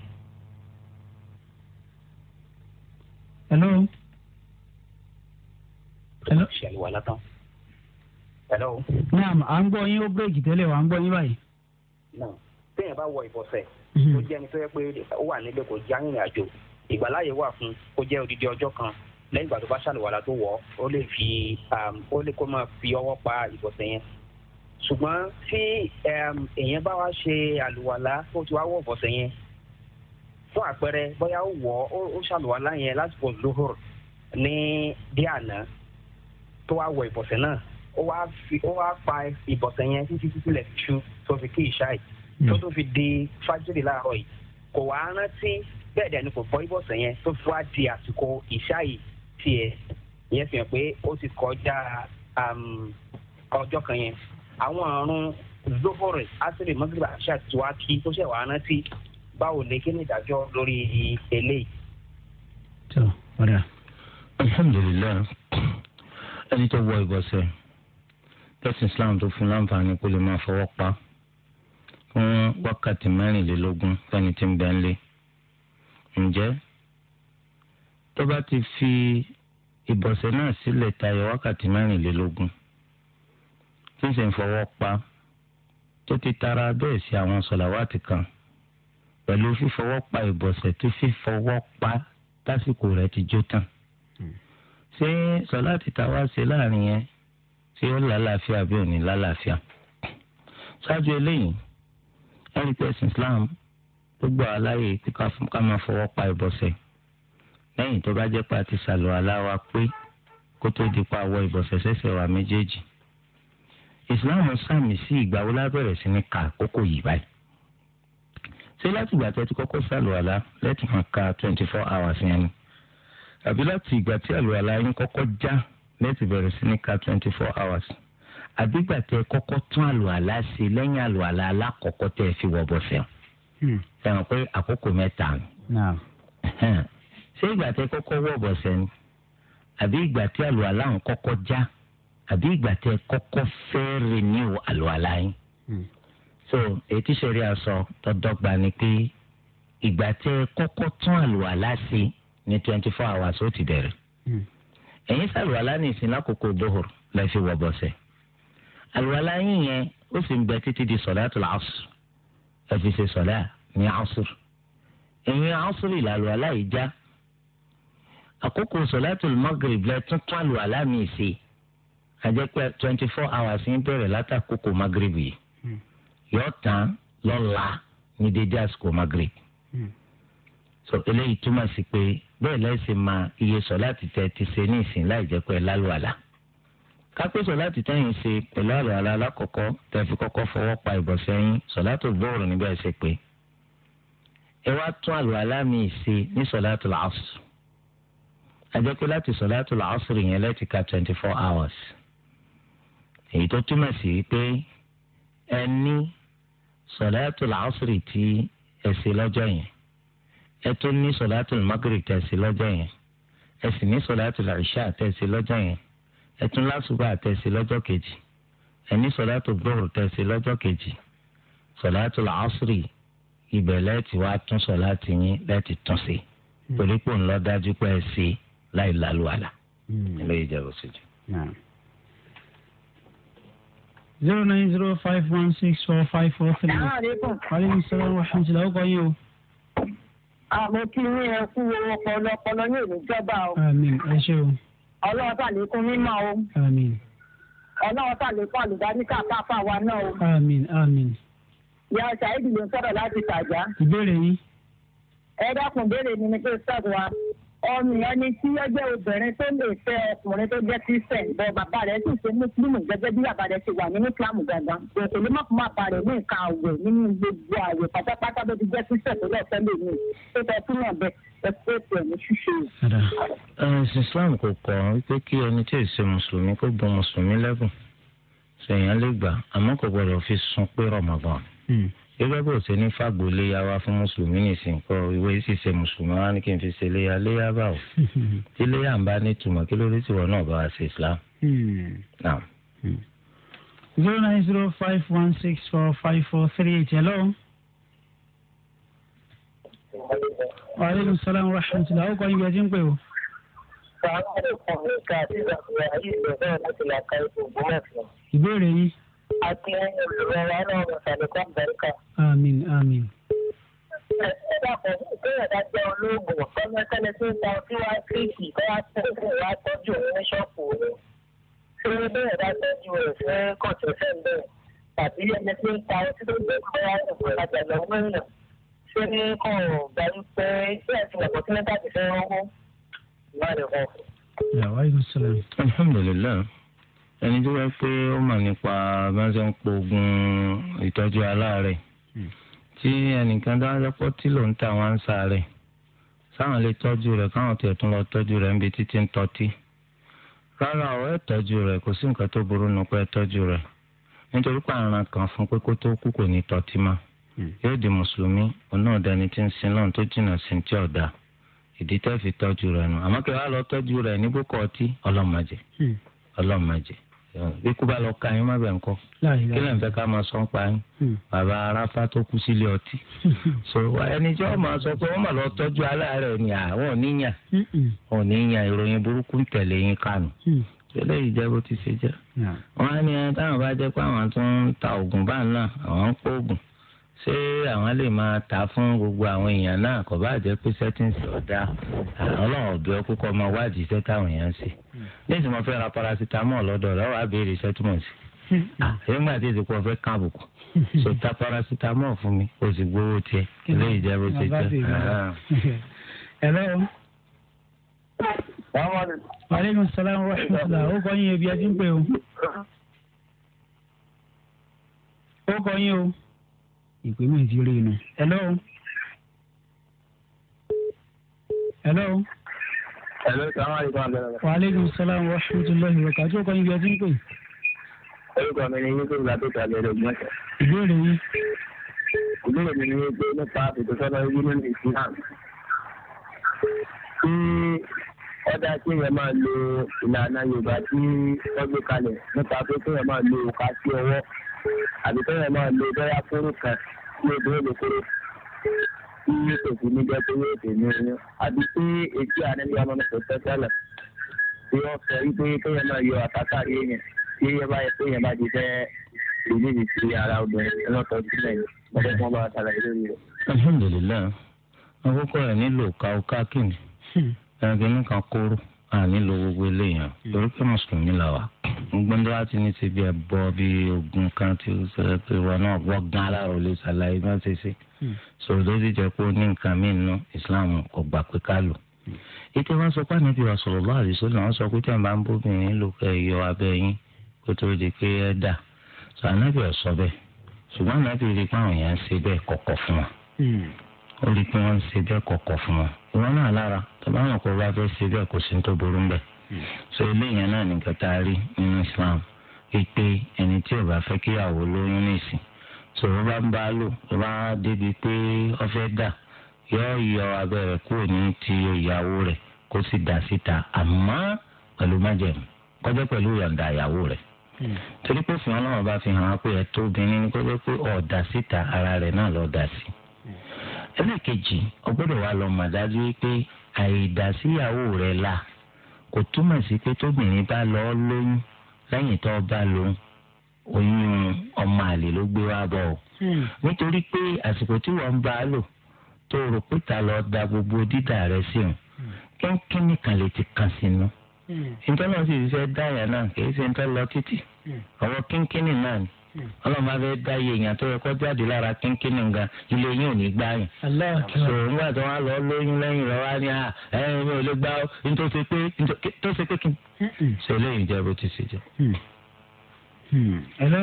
hello. hello. ṣàlùwà wà látàn. hello. naam à ń gbọ́ yín ó bírèkì tẹ́lẹ̀ wà ń gbọ́ yín báyìí. náà téèyàn bá wọ ìbọ̀sẹ̀ tó mhm. jẹ́ ẹni tó yẹ pé ó wà níbẹ̀ kò já ìrìn àjò ìgbàláyè wà fún kó jẹ́ odidi ọjọ́ kan lẹ́yìn ìgbà tó bá ṣàlùwàlà tó wọ̀ ó lè fi um, ó lè kó máa fi ọwọ́ pa ìbọ̀sẹ̀ yẹn ṣùgbọ́n tí um, èèyàn bá wá ṣe àlùwàlà ó ti wá wọ̀ ìbọ̀sẹ̀ yẹn fún àpẹẹrẹ bóyá ó wọ̀ ó ṣàlùwàlà yẹn lásìkò lóhùr ní bí àná tó wá wọ̀ ìbọ̀sẹ̀ náà ó wá fi ó wá pa ìbọ̀sẹ̀ yẹn títí títí lẹ̀ ṣu tó fi kí ìṣáì hmm. tó tó fi di fájìrì láàárọ̀ yìí kò wá rántí bẹ́ẹ̀ dẹ̀ ni kò bọ́ ìbọ̀sẹ̀ yẹn tó fi wá di àsìkò ìṣáì tiẹ̀ ìyẹn fi hàn pé ó ti kọjá um, ọjọ́ kan yẹn àwọn àrùn zohori asiri magriba aṣa tuwaki tó ṣe wàá rántí báwo lè kí ni ìdájọ́ lórí eléyìí. tó ọ̀rẹ́ alhamdulilayi ẹni tó wọ ìbọ̀sẹ̀ tẹ̀sán islam tó fún láǹfààní kó lè máa fọwọ́ pa fún wákàtí mẹ́rìnlélógún fẹ́ni tí ń bẹ́ńlé ǹjẹ́ tó bá ti fi ìbọ̀sẹ̀ náà sílẹ̀ tayọ wákàtí mẹ́rìnlélógún tí ń sì ń fọwọ́ pa tó ti tara bẹ́ẹ̀ sí àwọn sọ̀làwátì kan pẹ̀lú fífọwọ́ pa ìbọ̀sẹ̀ tó fífọwọ́ pa lásìkò rẹ̀ ti jó tán hmm. ṣé sọ̀láàtì tá wá ṣe láàrin yẹn ṣé ó lálàáfíà bí ò ní lálàáfíà ṣáájú eléyìí ẹ̀rí pẹ̀sìn Islam gbogbo àlàyé tí ká máa fọwọ́ pa ìbọ̀sẹ̀ lẹ́yìn tó bá jẹ́ pé a ti ṣàlù aláwa pé kó tó di pa wọ ìbọ̀sẹ̀ sẹ́sẹ̀ wa méjèèjì ìsìláàmù sàmì sí ìgbà wo lábẹ̀rẹ̀ sí ní ka àkókò yìí báyìí ṣé láti ìgbà tí a ti kọ́kọ́ ṣàlù àlá lẹ́tì máa ka twenty four hours yẹn ni àbí láti ìgbà tí àlù àlá yín kọ́kọ́ já lẹ́tì bẹ̀rẹ̀ sí ní ka twenty four hours àbí ìgbà tí ẹ kọ́kọ́ tún àlù àlá ṣe lẹ́yìn àlù àlá alákọ̀ọ́kọ́ tẹ́ ẹ fi wọ bọ̀sẹ̀ hmm ṣé ìgbà tẹ kọ́kọ́ wọ̀ bọ̀sẹ̀ ni àbí ìgbà tí àlùwàlá ń kọ́kọ́ já àbí ìgbà tẹ kọ́kọ́ fẹ́ẹ̀rẹ̀ ní o àlùwàlá yín. Hmm. so ètí sẹ́rí aṣọ tọ́dọ́gba ni pé ìgbà tẹ kọ́kọ́ tún àlùwàlá sí ní twenty four hours ó ti bẹ̀rẹ̀. Hmm. ẹ̀yin sàlùwàlá ní ìsìn lákòókò dóhùr lẹ́ fi wọ̀ bọ̀sẹ̀. àlùwàlá yín yẹn ó sì ń bẹ títí di sọ̀láàtù làásù ẹ fi ṣe sọ̀láà ní àásù. ẹ̀yin àásù ìlàlùwàlá yìí já àkókò sọ̀látùl magrib lẹ tún tún àlù aláàmì ìṣe àjẹpẹ́ twenty four hours ń bẹ̀rẹ̀ látàkókò magrib yìí hmm. yóò tán lọ́la ní dédé àsìkò magrib. Hmm. so eléyìí túmọ̀ sí pé bẹ́ẹ̀ lẹ́sìn máa iye sọ̀láàtì tẹ́ ti ṣe ní ìsìn láì jẹ́ pé lálùwàlà kápẹ́ sọ̀láàtì tẹ́yìn ṣe pẹ̀lú àlùwàlà alákọ̀ọ́kọ́ tẹ́ fi kọ́kọ́ fọwọ́ pa ìbọ̀sẹ̀ yín sọ̀láàtì bọ́ọ̀rù níbẹ̀ ṣe pé ẹ wá tún àlùwàlà mi ṣe ajẹ́ pé láti sọ̀láàtù làásùrì yẹn lẹ́ti ka twenty four hours èyí tó túmọ̀ sí pé ẹni sọ̀láàtù làásùrì tí ẹ ṣe lọ́jọ́ yẹn ẹ tún ní sọ̀láàtù maghrib tẹ̀ ṣe lọ́jọ́ yẹn ẹ sì ní sọ̀láàtù ìṣà tẹ̀ ṣe lọ́jọ́ yẹn ẹ tún lásùbà tẹ̀ ṣe lọ́jọ́ kejì ẹ ní sọ̀láàtù zuhur tẹ̀ lọ́jọ́ kejì sọ̀láàtù làásùrì ibẹ̀ lẹ́ẹ̀tì wá tún sọ̀láàtì yín lẹ́ẹ̀tì tún ṣe hmm. torí pò ń dájú pé ẹ láì lálù àlà hmm. eléyìí jẹ́ òṣèjì. zero nine zero five one six four five four three. aleykum salaam wa rahmatulah ọkọ yín o. àmọ́ kí ní ẹ kú owó ọpọlọ ní ìlú jọba o. àmín ẹ ṣé o. ọlọ́wọ́ tà lè kún mímọ́ o. àmín. ọlọ́wọ́ tà lè kún àlùbáríkà káfà wa náà o. àmín àmín. ìyá ṣáà ìdílé ń sọ̀rọ̀ láti tàjá. ìbéèrè yín. ẹ dákun béèrè mi ni pé sọ́ọ̀tù wa ọmọ ẹni tí ó jẹ́ obìnrin tó lè fẹ́ ọkùnrin tó jẹ́ kristian bọ́ bàbá rẹ̀ sì ṣe mùsùlùmù gẹ́gẹ́ bí bàbá rẹ̀ ṣe wà nínú islam gangan èlé má fún bàbá rẹ̀ ní nǹkan àwẹ̀ nínú gbogbo àwẹ̀ pátápátá tó ti jẹ́ kristian tó lọ́ọ́ fẹ́ lèmi tó fẹ́ fún náà bẹ́ẹ̀ ẹ kó tiẹ̀ ní ṣíṣe. ẹ̀sìn islam kò kọ́ pé kí ẹni tí èsì mùsùlùmí kó bu mùsùlùmí lẹ́bùn ṣèyàn lè gbà àmọ́ kò gbọ́dọ̀ fi sun pé rọ̀mọ̀gàn gẹ́gẹ́ bó ṣe ní fàgbò léyà wá fún mùsùlùmí nìsín kọ ìwé sì ṣe mùsùlùmí wá ní kí n fi ṣe léyà léyà bá o [laughs] tí léyà ń bá ní tùmọ̀ kí lórí tìwọ náà bá wa ṣe islam. Hmm. Hmm. zero nine zero five one six four five four three eight hello. wa aleykum salaam wa rahmatulah awo kọ́ni gbẹ̀dí ń pè o. ìbéèrè yìí àti olùrànlọ́wọ́ náà mùsàlùkọ́ bẹ́ẹ̀kà. àmín àmín. ẹ̀sìn dàpọ̀ ìpínlẹ̀ dájọ́ olóògùn ọmọ ẹ̀kẹ́lẹ́ tó ń ta ọtí wá kíríkì kó wá tẹ̀sí wá tọ́jú òun ní ṣọ́ọ̀pù rẹ̀. ṣé ìpínlẹ̀ dájọ́ ju rẹ̀ fẹ́ kọ̀tún fẹ́ bẹ́ẹ̀ tàbí ẹni tó ń ta ọtí tó ń gbé kó wá ìwé àjàlọ́ mẹ́rin ṣé ní kò ṣé ẹ̀sìn dàpọ̀ sílẹ̀ ẹni tó yẹ pé ó mà nípa báńsẹ̀ ń pogun ìtọ́jú aláàárẹ̀ hmm. tí ẹnìkan tí ló ń ta wọn sáwọn lè tọ́jú rẹ̀ káwọn tiẹ̀ tún lọ tọ́jú rẹ̀ títí ń tọ́tí rárá ọ̀ ẹ́ tọ́jú rẹ̀ kò sí nǹkan kan fún pé kó tó kú kò ní tọ́tí hmm. yóò di mùsùlùmí òun náà dání tí ń sin fi tọ́jú rẹ̀ nù àmọ́ kí wàá bí kú bá lọ ka yín má bẹ̀ ń kọ́ kí lẹ́yìn fẹ́ ká máa sọ ń pa yín hmm. bàbá aráfá tó kú sílé ọtí hmm. so ẹni tí wọ́n máa sọ pé wọ́n máa lọ tọ́jú aláàárẹ̀ ni àwọn oníyàn oníyàn hmm. ìròyìn burúkú ń tẹ̀lé yín kánú eléyìí jẹ́ bó ti ṣe jẹ́ wọ́n á ní ẹni táwọn bá jẹ́ pé àwọn tó ń ta oògùn báà àwọn ń kó oògùn ṣé àwọn lè máa ta fún gbogbo àwọn èèyàn náà kò bá jẹ́ pé sẹ́tíǹsì ọ̀dà ah, ọlọ́run ọ̀bẹ ọkọ̀ ọmọ wádìí iṣẹ́ táwọn èèyàn ń ṣe hmm. níṣẹ́ mo fẹ́ ra paracetamol lọ́dọ̀ rẹ̀ wàá béèrè iṣẹ́ tí mò ń [laughs] ah, nígbà tí èsì pọ̀ fẹ́ kán àbùkù ṣò [laughs] ta paracetamol fún mi o sì gbowó tiẹ̀ eléyìí jẹ́ bó ṣe jẹ́. ẹ̀rọ maaleykum ah. [laughs] salaam wa rahmatulah o kọ́ yín ebi ẹ ti ń pè o o kọ́ yín o ìpè mi ti rí inú. hello. hello. hello sàmà ìgbà bẹ̀rẹ̀. wa aleykum salaam wa rahmatulahi wa kàtó kan ibi ọtí ń pè. orúkọ mi ni yusuf latoka lẹrẹ ògbọ́nsẹ̀. ìbéèrè yìí. ìbéèrè mi ni wípé nípa àfẹ̀tọ́sọ́nà union islam tí ọ̀dà tí èèyàn máa lo ìlànà yorùbá tí wọ́n gbé kalẹ̀ nípa pé kéèyàn máa lo òkà sí ọwọ́ àbí kẹ́yìn máa lo bẹ́yà kóró kan tí obìnrin lè kóró tí kò sí ní jẹ́ pé yóò dé ní oyún àbí pé etí àníbi ọmọ mi kò tẹ́ tẹ́lẹ̀ tí wọ́n sọ wípé kẹ́yìn máa yọ àtàkàrí èèyàn tí èèyàn bá yẹ pé èèyàn bá ti fẹ́ ìdíje sí ara obìnrin lọ́tọ̀ sílẹ̀ yìí lọ́dọ̀ tí wọ́n bá ṣàlàyé lórí rẹ̀. alhamdulilayi akókò rẹ̀ nílò kàókà kìnnì hmm. ẹ̀rọ kan kóró a nílò gbogbo eléyàn mm. torí pé mùsùlùmí là wà gbọ́ndọ́ láti ní ti bí ẹ bọ́ bí ogun kan tí ó sọ pé wọn náà gbọ́ gan aláàrò lè ṣàlàyé bá ṣe ṣe mm. sọ̀rọ̀ tó ti jẹ́ pé ó ní nǹkan míì nù Islam kò gbà pé ká lò mm. ètò wọn sọ pé àníbi ọ̀sọ̀rọ̀ lọ́wọ́ àdìsọ́ náà wọ́n sọ pé tí ń bóbìnrin lò kẹ́ yọ abẹ́ kó tó di pé ẹ dà sọ ànábì wọn náà lára tọ́ba àwọn kò bá ṣe sí ní tó burú hmm. so eléyìí náà nìkan tá a rí nínú Islam pé ẹni tí ò bá fẹ́ kíyàwó lóyún nìsín so wọ́n bá ń bá a lò wọ́n bá débi pé ọ fẹ́ dà yóò yọ kúrò ní ti ìyàwó kó sì dà síta hmm. bá fi hàn án pé tó obìnrin ni ara náà dà sí ẹlẹ́ẹ̀kejì ọgbọ́dọ̀ wa lọ mọ̀ dájú pé àìdásíyàwó rẹ̀ la kò túmọ̀ sí pé tóbìnrin bá lọ lóyún lẹ́yìn tó bá lóyún oyún ọmọ àlè ló gbé wá bọ̀ ọ́ hmm. nítorí pé àsìkò tí wọ́n ń bá a lò tó rò pé ta lọ da gbogbo dídà rẹ̀ sí òun hmm. kínkín nìkan lè ti kàn sínú ìtọ́nà hmm. sì fẹ́ dáyà náà kì í ṣe ń tọ́ lọ títì ọ̀rọ̀ kínkín náà ni ọlọ́mọ abẹ́ dá iye èèyàn tó yẹ kó jáde lára kínkín nìkan ilé yín ò ní gbá yẹn. so nígbà tí wọ́n lọ lóyún lẹ́yìn rẹ̀ wá ní ẹ̀yìn mi ò lè gbá ní tó ṣe pé tó ṣe pé kí n. ṣe eléyìí jẹ́ bó ti ṣe jẹ́. Hmm. Hmm. hello.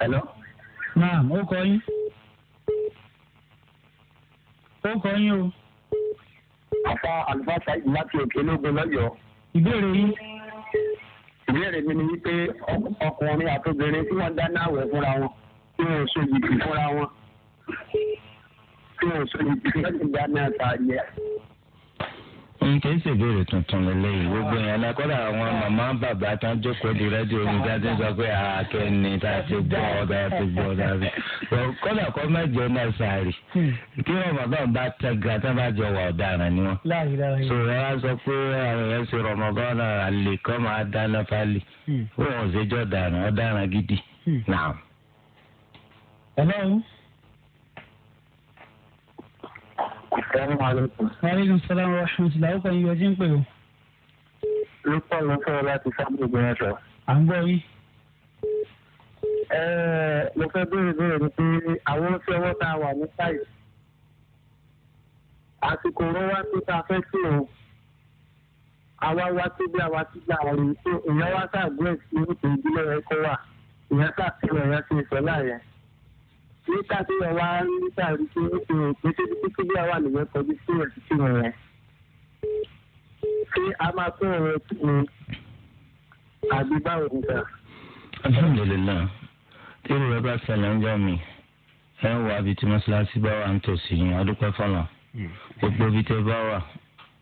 hello. naam ó kọ yín. ó kọ yín o. àfa àlùfáà ṣáà láti òkè lógun lọ́yọ̀ọ́. ìbéèrè yín ìbéèrè mi ni wípé ọkùnrin àtobìnrin tí wọ́n dáná àwẹ̀ fúnra wọn tí wọ́n ò sojìkì fúnra wọn tí wọ́n ò sojìkì fúnra wọn dáná àtàlẹ́ nǹkan ìṣèbéèrè tuntun lélẹ́yìí gbogbo yẹn náà kọ́dà àwọn màmá bàbá tó jókòó di rẹ́díò oníjà tó ń sọ pé àáké ni tá a ti gbọ́ a ti gbọ́ ọ̀dà rẹ̀ kọ́dà kọ́ mẹ́jọ náà sáré kí wọ́n bá tẹ̀gà bá jọ wà ọ̀daràn ni wọ́n. sọ pé àwọn ah, yẹn ṣe àlè kọ́ máa hmm. gidi. Hmm. salaamaleykum. waaleykum salaam wa rahmatulah. o kàn yíyọ jí ń pè o. lópọ̀ ló fẹ́ láti sábà gbọ́n sọ. à ń gbọ́ yín. mo fẹ́ béèrè béèrè ni pé àwọn oṣù ọwọ́ tá a wà ní sáyé àsìkò ọ̀rọ̀ wá tó ta fẹ́ sí o àwa wá tó bí àwa ti gbà rí i pé ìyá wa ṣàgbé ẹ̀sìn ìdílé rẹ̀ kọ́ wà ìyá ṣàfihàn ìyá ṣe ìfẹ́ láàyè ní sàkóyọ̀ wa ń sàrí pé ó ti rò pé tó ti kí bí àwa nìyẹn kọjú sí ẹ̀sìn sí wọn yẹn. ṣé a máa pín ọ̀rọ̀ tí mo àbí báwo ń gbà. alhamdulilayi tí ìrora bá ṣẹlẹ̀ ń jọ mi ẹ ń wá bíi tí mọ́ṣáláṣí bá wà ń tòsí yín ọdúpẹ́ fọlọ́ gbogbo bíi tẹ bá wà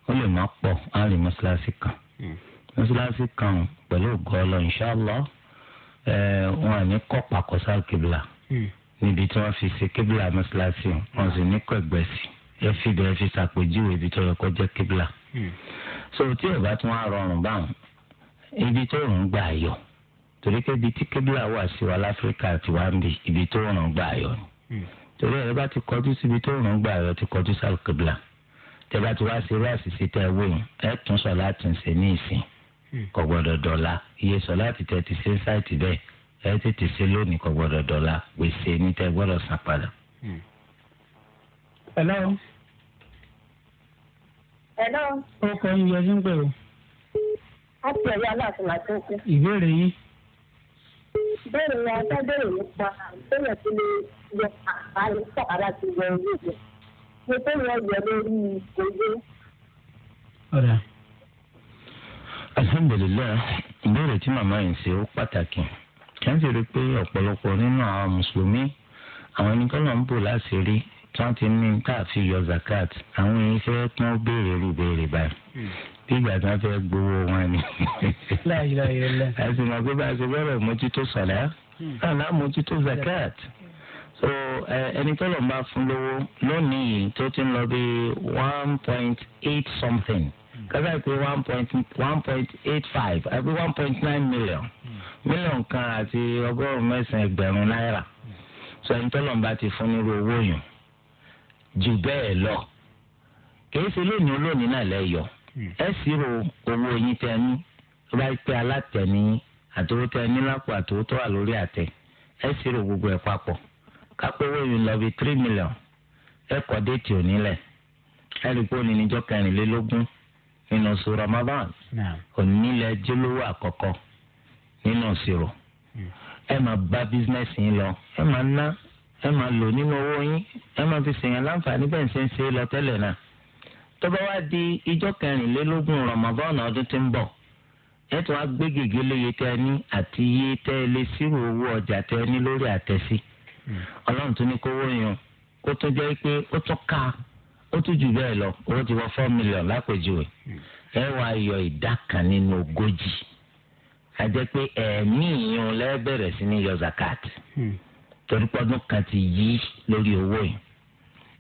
ó lè má pọ̀ á rí mọ́ṣáláṣí kan hmm. mọ́ṣáláṣí kan pẹ̀lú ògo ọlọ́ inṣàlá wọn à ní kọ́ pàkọ́sá kìbìlà. Hmm níbi tí wọ́n fi ṣe kébìlà mọ́ṣáláṣí wọn sì ní kọ̀gbẹ́ sí ẹ fi bẹ̀rẹ̀ fi ṣàpèjúwe ibi tó yẹ kó jẹ́ kébìlà. Hmm. so tí ò bá tún wá rọrùn báwọn ibi tó rùn gbà yọ torí pé ibi tí kébìlà wà sí wa láfíríkà ti wá ń bì ibi tó rùn gbà yọ ni hmm. torí ẹ̀rọ bá ti kọjú síbi tó rùn gbà yọ ti kọjú sáà kébìlà tẹ́lá ti wá sí rẹ́ẹ̀sì sí tẹ́ wéyìn ẹ̀ tún sọ láti ń ṣe ní ìsìn hmm. kò gbọ́dọ̀ iye sọ láti tẹ́ ti ṣe ń ṣáìtì bẹ́ẹ̀ ẹ tètè ṣe lónìí kò gbọ́dọ̀ dọ́là gbèsè ní tẹ gbọ́dọ̀ san padà. Hmm. hello. hello. ọkọ ń yọ sí ń pè o. a ti ẹ̀rí aláàfin àti ọkọ. ìbéèrè yín. bẹ́ẹ̀ ni adábẹ́rẹ́ mi pa bẹ́ẹ̀ tí mo yọ àlùfáà ara ti yọ orí mi mo tó yọ yọ lórí ìgbòho. ọ̀rẹ́. alhamdulilayi ìbéèrè tí màmá yìí ń ṣe ó pàtàkì kí wọ́n sì rí i pé ọ̀pọ̀lọpọ̀ nínú àwọn mùsùlùmí àwọn ẹni tọ́lọ̀ ń bò láti rí tí wọ́n ti ní ká yọ zakat àwọn èyí fẹ́ kí wọ́n béèrè rí béèrè báyìí bí ìgbà tí wọ́n fẹ́ gbowó wọn ni. àìsàn àgbẹ̀ bá a ṣe bẹ̀rẹ̀ mójútó sọ̀dá náà náà mójútó zakat so ẹni tọ́lọ̀ ń bá fún lówó lónìí tó ti ń lọ bí one point eight something kásá pé one point one point eight five àbí one point nine million mílíọ̀n kan àti ọgọ́rùn-ún mẹ́sàn-án ẹgbẹ̀rún náírà sọ ẹni tọ́lọ̀ ń bá ti fún nírú owó yùn jù bẹ́ẹ̀ lọ kìí ṣe lónìí olónìí náà lẹ́yọ̀ ẹ sì rò owó yín tẹ ní tó bá pẹ́ alátẹ̀ní àtòwó tẹ lápò àtòwó tó wà lórí àtẹ ẹ sì rò gbogbo ẹ̀ papọ̀ kápẹ́ owó yìí lọ bí three million ẹ kọ́ déètì ònílẹ̀ ẹ rí i pé òní níjọ́ kẹrìnlélógún nínú oṣù Ramadan onílẹ̀ jólówó àkọ́kọ́ nínú ìṣirò hmm. ẹ máa bá bísínẹ́sì yín lọ ẹ máa ná ẹ máa lò nínú owó yín ẹ máa fi ṣèyàn láǹfààní bẹ́ẹ̀ ṣe ń ṣe lọ tẹ́lẹ̀ náà tó bá wá di ijọ́ kẹrìnlélógún Ramadan ọdún tí ń bọ̀ ẹ tún wá gbé gègé léye tẹ ẹ ní àti iye tẹ ẹ lé sírò owó ọjà tẹ ẹ ní lórí àtẹ̀sí hmm. ọlọ́run tún ní kówó yan kó tún jẹ́ pé ó tún ká ó tún jù bẹ́ẹ̀ lọ owó ti wọ four million lápèjúwe hmm. ẹ wá yọ ìdá kan nínú ogójì a jẹ́ pé ẹ̀ẹ̀mí ìyún lẹ́bẹ̀rẹ̀ sí ní yọ zakat hmm. torí pọ́dún kan ti yí lórí owó yìí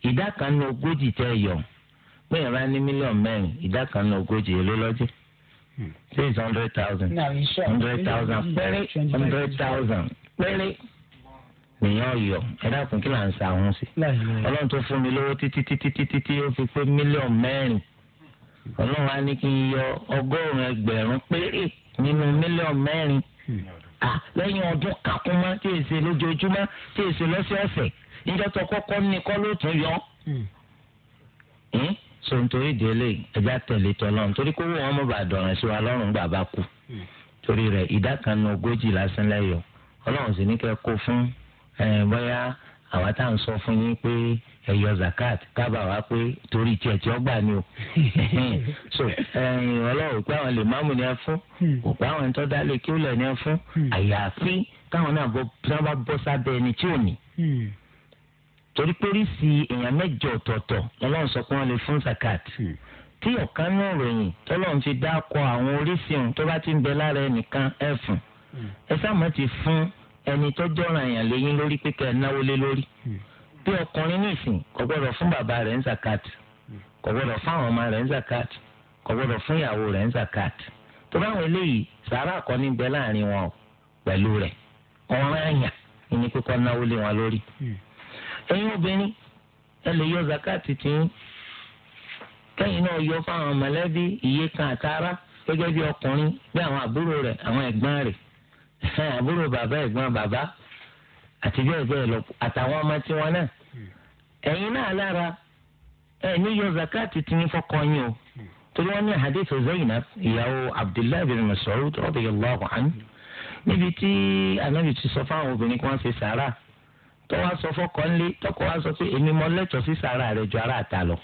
ìdá kan nínú ogójì tẹ́ yọ pé ìrà ní mílíọ̀nù mẹ́rin ìdá kan nínú ogójì èló lọ́jọ́ hmm. six hundred thousand hundred thousand péré hundred thousand péré nìyẹn ọyọ ẹ dákun kí là ń sa àwọn sí ọlọ́run tó fún mi lówó títí títí títí tí ó fi pé mílíọ̀nù mẹ́rin ọlọ́run á ní kí n yọ ọgọ́rùn-ún ẹgbẹ̀rún péré nínú mílíọ̀nù mẹ́rin lẹ́yìn ọdún kakúmá tí èsè lójoojúmọ́ tí èsè lọ́sẹ̀ọ̀sẹ̀ níjọ́ tó kọ́kọ́ ní kọ́ ló tún yọ so nítorí ìdílé ẹja tẹ̀lé tọ́lọ́ nítorí kó wọ́n mọ̀ bá dọ̀ràn sí wa lọ́rùn gbà kú torí rẹ̀ ìdá kan nu ogójì lásán lẹ́yọ̀ ọlọ́run sì ní kẹ́ kó fún Eh, bóyá àwa tá à ń sọ fún yín pé ẹ yọ zakat kábà wá pé torí tiẹ̀ tí ó gbà ni o [laughs] so eh, ọlọ́run pé àwọn lè máàmù ni ẹ fún òpá àwọn ẹni tó dá lè kí ó lẹ̀ ni ẹ fún hmm. àyàfi káwọn náà bọ́ bọ́ sábẹ́ ẹni tí ò ní hmm. torí pé oríṣi èèyàn mẹ́jọ ọ̀tọ̀ọ̀tọ̀ ọlọ́run sọ pé wọ́n lè fún zakat hmm. tí ọ̀kan náà ròyìn tọ́lọ́run fi dákọ̀ àwọn oríṣi ohun tó bá ti ń bẹ lára ẹnìkan ẹ̀ fún ẹ sáà mọ́ ti fún ẹni tó jọ̀ràn èèyàn lẹ́yìn lórí pé kẹ́ ẹ náwó lé lórí hmm. bí ọkùnrin nìsín kò gbọ́dọ̀ fún bàbá rẹ̀ ń zakat kò gbọ́dọ̀ fún àwọn ọmọ rẹ̀ ń zakat kò gbọ́dọ̀ fún ìyàwó rẹ̀ ń zakat tó báwọn eléyìí sàárà àkọ́ni bẹ láàrin wọn pẹ̀lú rẹ̀ ọ̀ràn àyàn ìní pípọ́ náwó lé wọn lórí. Hmm. ẹ̀yin obìnrin ẹ lè yọ zakat tìyín kẹ́yìn náà yọ fún àwọn mọ̀lẹ́bí ìyèkan àtàrà gẹ́gẹ́ bí ọkùnrin bí àwọn àbúrò rẹ̀ àwọn ẹ̀gbọ́n rẹ̀ àbúrò bàbá ẹ̀gbọ́n bàbá àti bẹ́ẹ̀ bẹ́ẹ̀ lọ àtàwọn ọmọ tiwọn náà ẹ̀yin náà lára ẹ̀ ní yọ zakati ti ní fọkọ yín o torí wọn ní hadith Zainab ìyàwó Abdullahi bin Mas'ud radiyallahu anhu níbi tí anabi ti sọ fáwọn obìnrin kí wọ́n ṣe sàrà tó wá sọ fọkọ ńlé tọkọ wá sọ pé èmi mọ lẹ́tọ̀ọ́ sí sàrà rẹ̀ ju ara àta lọ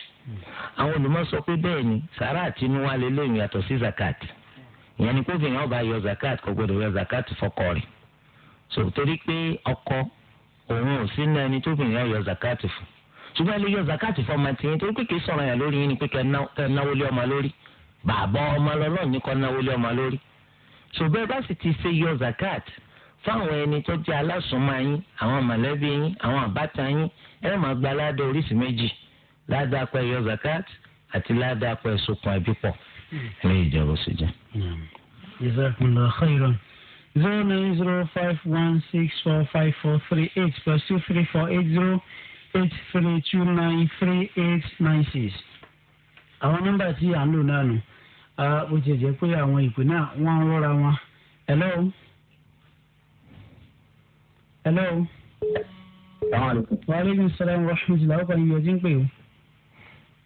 àwọn olùmọ̀ sọ pé bẹ́ẹ̀ ni sàrà àtinúwá lélẹyìn yàtọ̀ sí zakati ìyẹn ni kófin yẹn ọba yọ zakat kò gbọdọ̀ yọ zakat fọkọ rẹ̀ so torí pé ọkọ òun ò sí náà ẹni tófin yẹn yọ zakat fún ṣùgbọ́n ẹ lè yọ zakat fọmọ tìyẹn torí pé kìí sọ̀rọ̀ yẹn lórí yín ni pé kẹ́ náwó lé ọmọ lórí bàbá ọmọ lọ́lọ́ọ̀ ní kọ́ náwó lé ọmọ lórí ṣùgbọ́n ẹ bá sì ti ṣe yọ zakat fáwọn ẹni tó jẹ́ alásùnmọ́ yín àwọn mọ̀lẹ́bí yín àwọn àbátan yín ẹ máa gba ládàá oríṣi méjì ládàá pẹ̀ yọ zakat àti ládàá pẹ̀ sokùn ẹbí pọ̀ ní ìjọba ṣe jẹ. jazakumullahu khairan zero nine zero five one six four five four three eight plus two three four eight zero eight three two nine three eight nine six. àwọn nọ́mbà tí à ń lò náà nù ó ti jẹ́ pé àwọn ìpè náà wọ́n ń rọra wọn. hello. hello. salaamaleykum. wa aleykum salaam wa rahmatulah. ó kàn yíyọ tí ń pè o.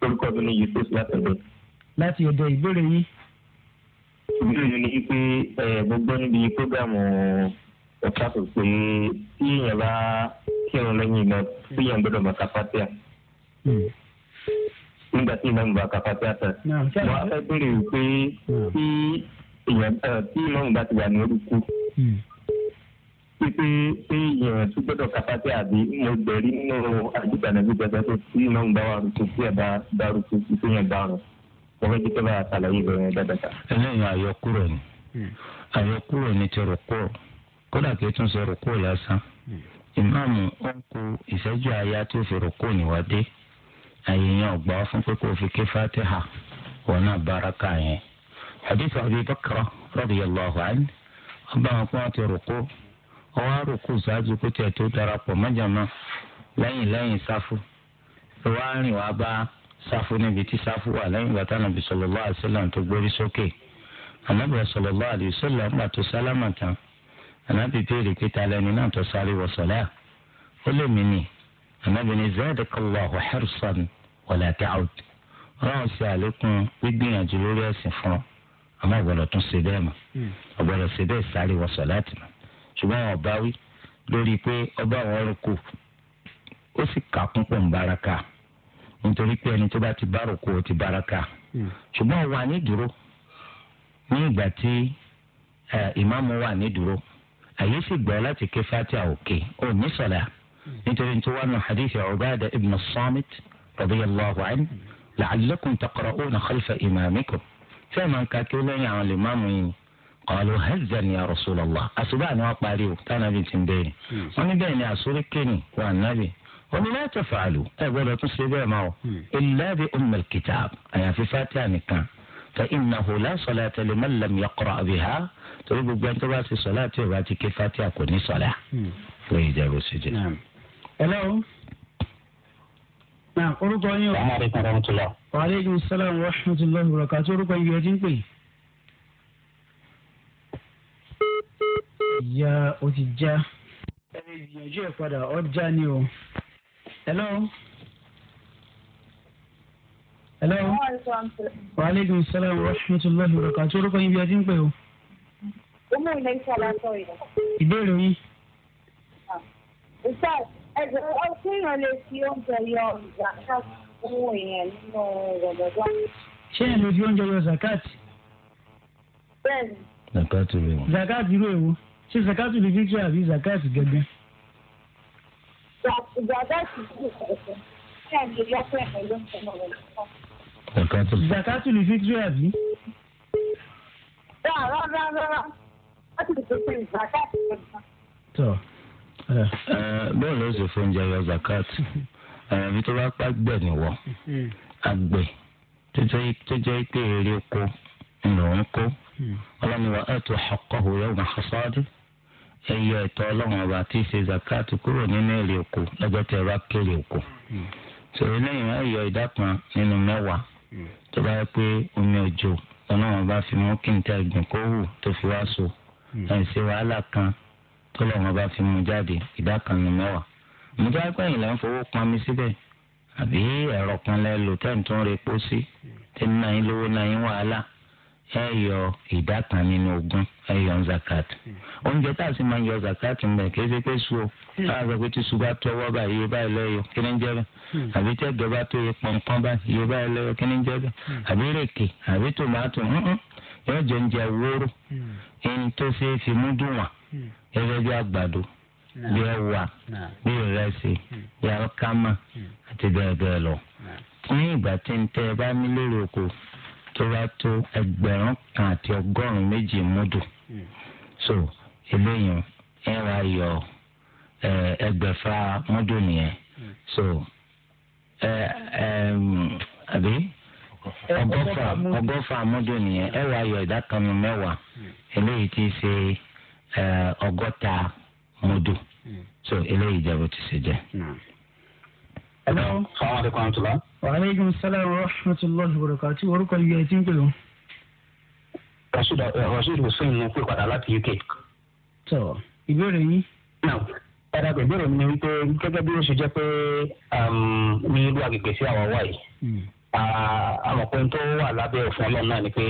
orúkọ mi ni yusuf látọ̀dọ̀ láti ọ̀dọ̀ ìbéèrè yín. ìbéèrè ni pé mo gbọ́ níbi prógámù ọ̀tàkù pé tí èèyàn bá kírun lẹ́yìn iná tí èèyàn gbọ́dọ̀ mọ̀ káfátíà hmm. nígbà tí ìmọ̀ ìmọ̀ káfátíà tán. mo á fẹ́ béèrè pé tí èèyàn tí ìmọ̀ ìmọ̀ bá ti wà ní orúkú pípé hmm. pé èèyàn tún gbọ́dọ̀ kápátí àbí mo gbẹ̀rí nínú àdìgbànàbí gbẹgbẹ́ tó tí ìmọ̀ ìmọ̀ bá wà rúkú tí ẹ̀ bá rúkú tí èèyàn bá wọ́n fi kíkẹ́ bá àṣàlàyé ìbẹ̀rẹ̀ dáadáa. ẹlẹ́yìn àyọkúrò ni àyọkúrò hmm. ni ti rúkú kódà kí tún ṣe rúkú lásán hmm. ìmáàmù ó ń ku ìṣẹ́jú àyà tí fi rúkú níwádé àyèyàn ọgbà fún pé fi ké fatiha wọn náà baraka yẹn hadith Abi Bakr radiyallahu anhu ọba àwọn kan ti rúkú ọwọ́ àrùkù ṣáájú kó tiẹ̀ tó darapọ̀ mọ́jàmá lẹ́yìn lẹ́yìn sáfù ìwárìn wàá bá sáfù níbi tí sáfù wà lẹ́yìn ìgbà táwọn àbí sallallahu alaihi wasallam tó gbórí sókè ànábì sallallahu alaihi wasallam ńgbà tó sálámà tán ànábì béèrè pé ta lẹni náà tó sáré wọ sọlá ó lè mí nì ànábì ní zadakallahu hirsan wala ta'ud ọlọ́run ṣe àlékún gbígbìyànjú lórí ẹ̀sìn fún ọ àmọ́ ọ̀gbọ́dọ̀ tún ṣe bẹ́ẹ̀ mọ́ ọ̀gbọ́dọ̀ hmm. ṣe bẹ́ẹ̀ sáré wọ sọlá tì mọ́ ṣùgbọ́n àwọn lórí pé ọba àwọn ọrùn kù ó sì kà kún pọ̀ ń baraka nítorí pé ẹni tó bá ti bá rògbò ti baraka hmm. ṣùgbọ́n wà ní dúró ní ìgbà tí ìmáàmù wà ní dúró àyè sì gbọ́ láti ké fati àwòké ò ní sọ̀dà hmm. nítorí tó wà nù hadith Ubadah ibn Samit radiyallahu anhu hmm. la'allakum taqra'una khalfa imamikum fẹ́ẹ̀ máa ń ka kí ó lẹ́yìn àwọn lè yìí qalu hazzan ya Rasulullah àṣùbà ni wọ́n parí o ti ń bẹ̀rẹ̀ wọ́n ní bẹ́ẹ̀ ni àṣírí kéènì wà nábì wọn náà tẹ fàálù ẹ gbọ́dọ̀ tún ṣe bẹ́ẹ̀ máa o ìlàbí ummul kitab àyàfi fatia nìkan fa innahu la salata liman lam yaqra biha torí gbogbo ẹni tó bá ti sọlá tí o bá ti ké fatia kò ní sọlá fún ìjẹbù síjẹ. hello. na orúkọ yín o. sàmárì kan rẹ̀ ń tulọ̀. wa salaam wa rahmatullahi wa barakatuh orúkọ yìí ọdún pè. ìyá o ti já ẹni ìgbìyànjú ẹ̀ padà ọjà ni o hello. hello. wa aleykum salaam wa rahmatulahi wa barakatuh orúkọ yín bí ọtí ń pè o. ọmọ ìlú ìṣẹ́ aláǹtọ̀ yìí. ìbéèrè yín. ìṣe ẹ̀jẹ̀ ọ̀sẹ̀yàn lè fi oúnjẹ yọ ìgbà owó èèyàn nínú rọ̀lọ́dọ́. ṣé ẹ̀ lè fi oúnjẹ yọ zakat. bẹ́ẹ̀ni. zakat rẹ̀ wọ̀. zakat rẹ̀ wọ̀ ṣé zakat lè fi kí àbí zakat gẹ́gẹ́ zakatu lè fi tura bí. tọ́ bẹ́ẹ̀ ló ṣe fún oúnjẹ yọ zakatu àyàfi tó bá pa gbẹ̀ nìwọ̀ àgbẹ̀ tó jẹ́ pé èrè oko ńlọ ń kó hmm. ọlọ́ni wa ẹ̀ tó xọkọ̀ hù yẹ́ wọn xasọ́ọ́dún ẹ yọ ẹ̀tọ́ ọlọ́run ọba tí ṣe zakat kúrò nínú èrè oko lọ́jọ́ tẹ́ ẹ bá kéré oko sọ̀rọ̀ lẹ́yìn ẹ yọ ìdá kan nínú mẹ́wàá hmm. tó bá yẹ pé omi òjò ọlọ́run ọba fi mú kí n ta ìgbìn kó hù tó fi wá so ẹ̀ hmm. ṣe wàhálà kan tó lọ́run ọba fi mú jáde ìdá kan nínú mẹ́wàá mo jẹ́ pẹ́yìn lẹ́ fowó pamí síbẹ̀ àbí ẹ̀rọ kan lẹ́ lò tẹ́ǹtún rẹ̀ pósí tẹ́ǹtún náà yín lówó náà yín wàhálà ẹ yọ ìdá kan nínú ogún ẹ yọ zakat oúnjẹ tá a sì máa yọ zakat mbẹ kì í ṣe pé su o káà hmm. sọ pé tí su bá tọwọ́ báyìí iye báyìí lọ́yọ̀ kí ni jẹ́ bẹ́ẹ̀ hmm. àbí tí ẹ̀gẹ́ bá tó iye pọ̀npọ́n báyìí iye báyìí lọ́yọ̀ kí ni jẹ́ bẹ́ẹ̀ hmm. àbí rèké àbí tòmátò yóò jẹ oúnjẹ wóró ẹni tó ṣeé fi mú dùn wá gẹ́gẹ́ bí àgbàdo bí ẹ̀wà bí ìrẹsì bí akámà àti bẹ́ẹ̀ bẹ́ẹ̀ lọ ní ìgbà tí ń tẹ bá mi lérò tó to tó ẹgbẹ̀rún kan àti ọgọ́rùn méjì múdù hmm. so eléyìí ẹ wá yọ ẹgbẹ̀fà múdù nìyẹn hmm. so ẹ ẹ àbí ọgọ́fà ọgọ́fà múdù nìyẹn ẹ wá yọ ìdá kan nínú mẹ́wàá hmm. eléyìí ti ṣe ọgọ́ta múdù so eléyìí jẹ́ bó ti ṣe jẹ́. Hello. Salaam aleykum Abdullah. Wa aleykum salaam wa rahmatulahi wa barakati. Orúkọ iye ẹ ti ń pè o. Rasheed uh, Hussein mo pè padà láti UK. Tọ́ ìbéèrè yín. Ẹ̀rọ ìbéèrè mi ni wípé gẹ́gẹ́ bí ó ṣe jẹ́ pé um, ní irú agbègbè sí àwa wà yìí. Àmọ̀ hmm. wà lábẹ́ òfin ọlọ́run náà ni pé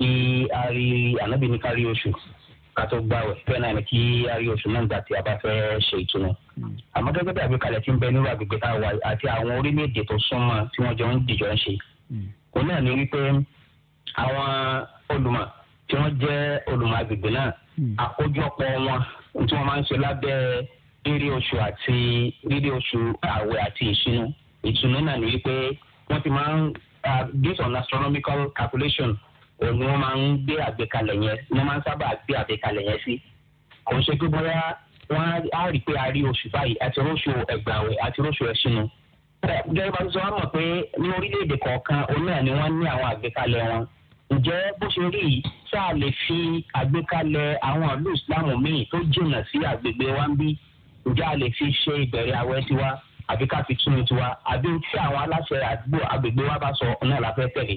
kí a rí ànábì kárí oṣù ká tó gbàwẹ̀ fẹ́ náà ni kí a rí oṣù mẹ́ta tí a bá fẹ́ ṣe ìtúnu. àmọ́ gẹ́gẹ́ bí àgbékalẹ̀ ti ń bẹ nínú àgbègbè tá a wà àti àwọn orílẹ̀-èdè tó súnmọ́ tí wọ́n jọ ń dìjọ ń ṣe. kò hmm. náà ni wípé àwọn olùmọ̀ tí wọ́n jẹ́ olùmọ̀ àgbègbè náà hmm. àkójọpọ̀ wọn tí wọ́n máa ń ṣe lábẹ́ rírí oṣù àti rírí oṣù àwẹ̀ àti ìṣúnú ìtúnu náà ni wípé wọ́n ti máa ń uh, based on astronomical calculation òun ni wọ́n máa ń gbé àgbékalẹ̀ yẹn wọ́n máa ń sábà gbé àgbékalẹ̀ yẹn sí kò ń ṣe pé bóyá wọ́n á rí i pé a rí oṣù báyìí àti oṣù ẹgbàwẹ̀ àti oṣù ẹ̀ṣinu gẹ́gẹ́ bá ti sọ wọ́n mọ̀ pé ní orílẹ̀-èdè kọ̀ọ̀kan ni wọ́n ní àwọn àgbékalẹ̀ wọn ǹjẹ́ bó ṣe rí yìí tá lè fi àgbékalẹ̀ àwọn ìlú islam míì tó jìnnà sí àgbègbè wa ń bí ǹjẹ́ a lè fi ṣe ìbẹ̀rẹ̀ àwẹ̀ tiwa àbí fi túnú tiwa àbí tí àwọn aláṣẹ àgbègbè wa bá sọ ọ̀nà làfẹ́ tẹ̀lé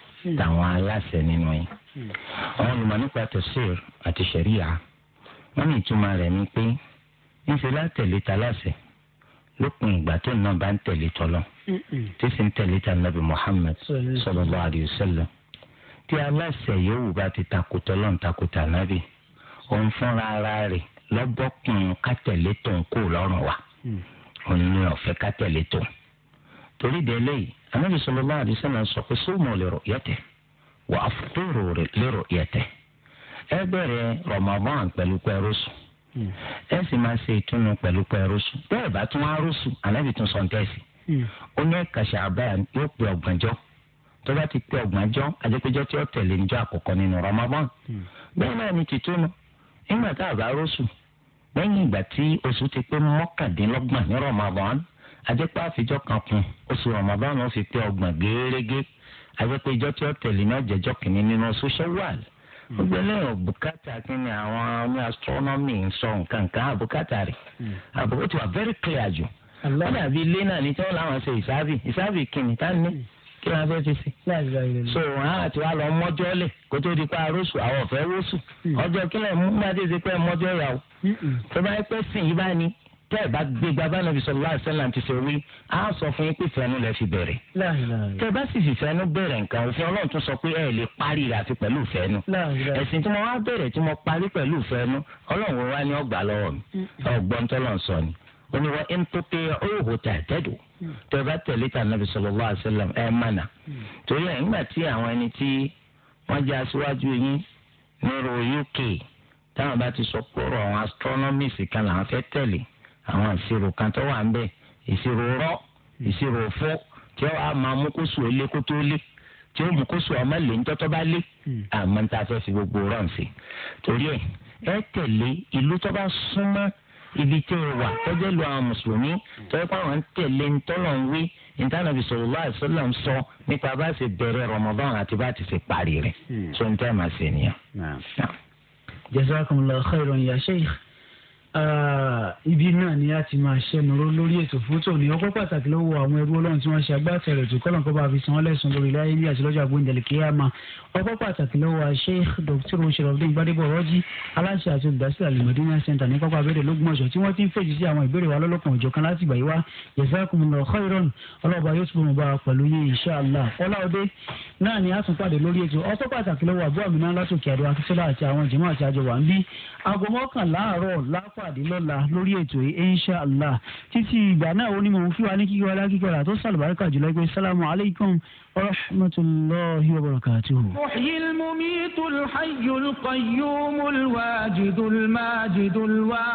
Hmm. tàwọn aláṣẹ nínú yín hmm. àwọn olùmọ̀ nípa tẹ̀síìr àti ṣẹ̀ríyà wọ́n ní ìtumọ̀ rẹ̀ ni pé ńṣe látẹ̀lé ta láṣẹ lópin ìgbà tó náà bá ń tẹ̀lé tọ́lọ́ hmm. tí sì ń tẹ̀lé ta nàbì Muhammad sallallahu alaihi wasallam tí aláṣẹ yòówù bá ti takùtọ̀ lọ́n takùtà nàbì òun fúnra ara rẹ̀ lọ́gbọ́kùn kátẹ̀lé tó ń kó lọ́rùn wa òun ní ọ̀fẹ́ kátẹ̀lé tó ń. torí délé yìí sọlọ sallallahu alaihi wasallam sọ pé sóòmù lè yẹtẹ wà á fòrò lè rò yẹtẹ ẹ sì máa ṣe ìtúnu bá tún tún hmm. ó ní yóò tó bá ti tí ó tẹ̀lé níjọ́ àkọ́kọ́ nínú Ramadan hmm. bẹ́ẹ̀ náà ni tìtúnu nígbà tá a bá ìgbà ní àjẹpẹ́ àfijọ́ kan kun oṣù Ramadan náà fi pé ọgbọ̀n gẹ́gẹ́ àjẹpẹ́ ìjọ tí ó tẹ̀lé náà jẹjọ́ kìíní nínú social world gbogbo eléyìí ò bùkátà kí ni àwọn ní astronomy ń sọ nǹkan kan àbùkátà rẹ̀ àbùkátà hmm. tí very clear jù wọ́n dàbí ilé náà ní tí wọ́n láwọn ṣe ìsáàbì ìsáàbì kìíní tá ní kí wọ́n hmm. fẹ́ fi sí. so àwọn àti wa lọ mọ́jọ́ lẹ̀ kó tó di pa arósù àwọn ọ̀fẹ́ rósù hmm. ọjọ́ kílẹ̀ mú bá dé ṣe mọ́jọ́ yà ó tó bá yẹ pé sìn yí bá ní tẹ́ ẹ̀ bá gbé gbá báyìí nàbì sallallahu alaihi wasallam ti ṣe wí á sọ fún yín pé fẹ́nu lẹ fi bẹ̀rẹ̀. tẹ́ ẹ bá sì fi fẹ́nu bẹ̀rẹ̀ nǹkan òfin ọlọ́run tún sọ pé ẹ lè parí rẹ̀ àti pẹ̀lú fẹ́nu. ẹ̀sìn tí mo wá bẹ̀rẹ̀ tí mo parí pẹ̀lú fẹ́nu ọlọ́run wá ní ọgbà lọ́wọ́ mi ọgbọ́n tọ́lọ́ sọ ni oníwà ẹnpẹpẹ ọhún tàtẹdù tó o bá tẹ̀lé sallallahu alaihi wasallam ẹ mànà mm. torí ẹ nígbà tí àwọn ẹni tí wọ́n jẹ́ aṣíwájú yín nírò UK táwọn bá ti sọ pé ọ̀rọ̀ àwọn astronomist kan làwọn fẹ́ tẹ̀lé àwọn ìṣirò kan tó wà ń bẹ ìṣirò rọ ìṣirò òfó tí ó wà máa mú kó sùn ó lé kó tó lé tí ó mú kó sùn ọmọ lè ń tọ́tọ́ bá lé hmm. àmọ́ ń ta fẹ́ fi gbogbo rọ̀ sí torí ẹ̀ ẹ tẹ̀lé ìlú tó bá súnmọ́ ibi tí ó wà tọ́jú lu àwọn mùsùlùmí tọ́jú pé àwọn ń tẹ̀lé ń tọ́lọ̀ ń wí ìtànà bí sallallahu alaihi ń sọ nípa bá ṣe bẹ̀rẹ̀ Ramadan àti bá ti ṣe parí rẹ̀ tó hmm. ń tẹ́ màá ṣe nìyẹn. jazakumullahu khairan ya ibi náà ni a ti máa ṣẹnuró lórí ètò fótó ní ọkọ pàtàkì lọ́wọ́ àwọn ẹrú Ọlọ́run tí wọ́n ṣe agbátẹrù ètò kọlọn kọba àfi sanwó lẹsùn lórí láyé bí àti lọ́jọ́ àgbóǹdẹlẹ kíámà ọkọ pàtàkì lọ́wọ́ Sheikh Dr. oṣèròdún Gbadebo Rọjí aláṣẹ àti olùdásílẹ̀ alimọdúnrún center ní pápá abẹ́rẹ́ lógúnmọ̀ṣọ́ tí wọ́n ti ń fèjì sí àwọn ìbéèrè wa lọ́lọ́kan òjò kan láti gbàyíwá yẹsẹ kùmùnà khairan náà ni a tún pàdé lórí ètò ọpẹ́ pàtàkì lọ́wọ́ àbúrò mi náà látòkè àdó akínsílà àti àwọn ìjìmọ àti àjọ wà ń bí aago mọ́kànlá àárọ̀ lápàdé lọ́la lórí ètò insha allah títí ìgbà náà ó ní mò ń fi wa ní kíkẹ́ ọlá kíkẹ́ ọlá sàlùbáríkà jùlọ pé sálámù aleykum rahmatulahi wa barakatuhu. muhyil mumitul hayyul qayyumul wajidul majidul wa.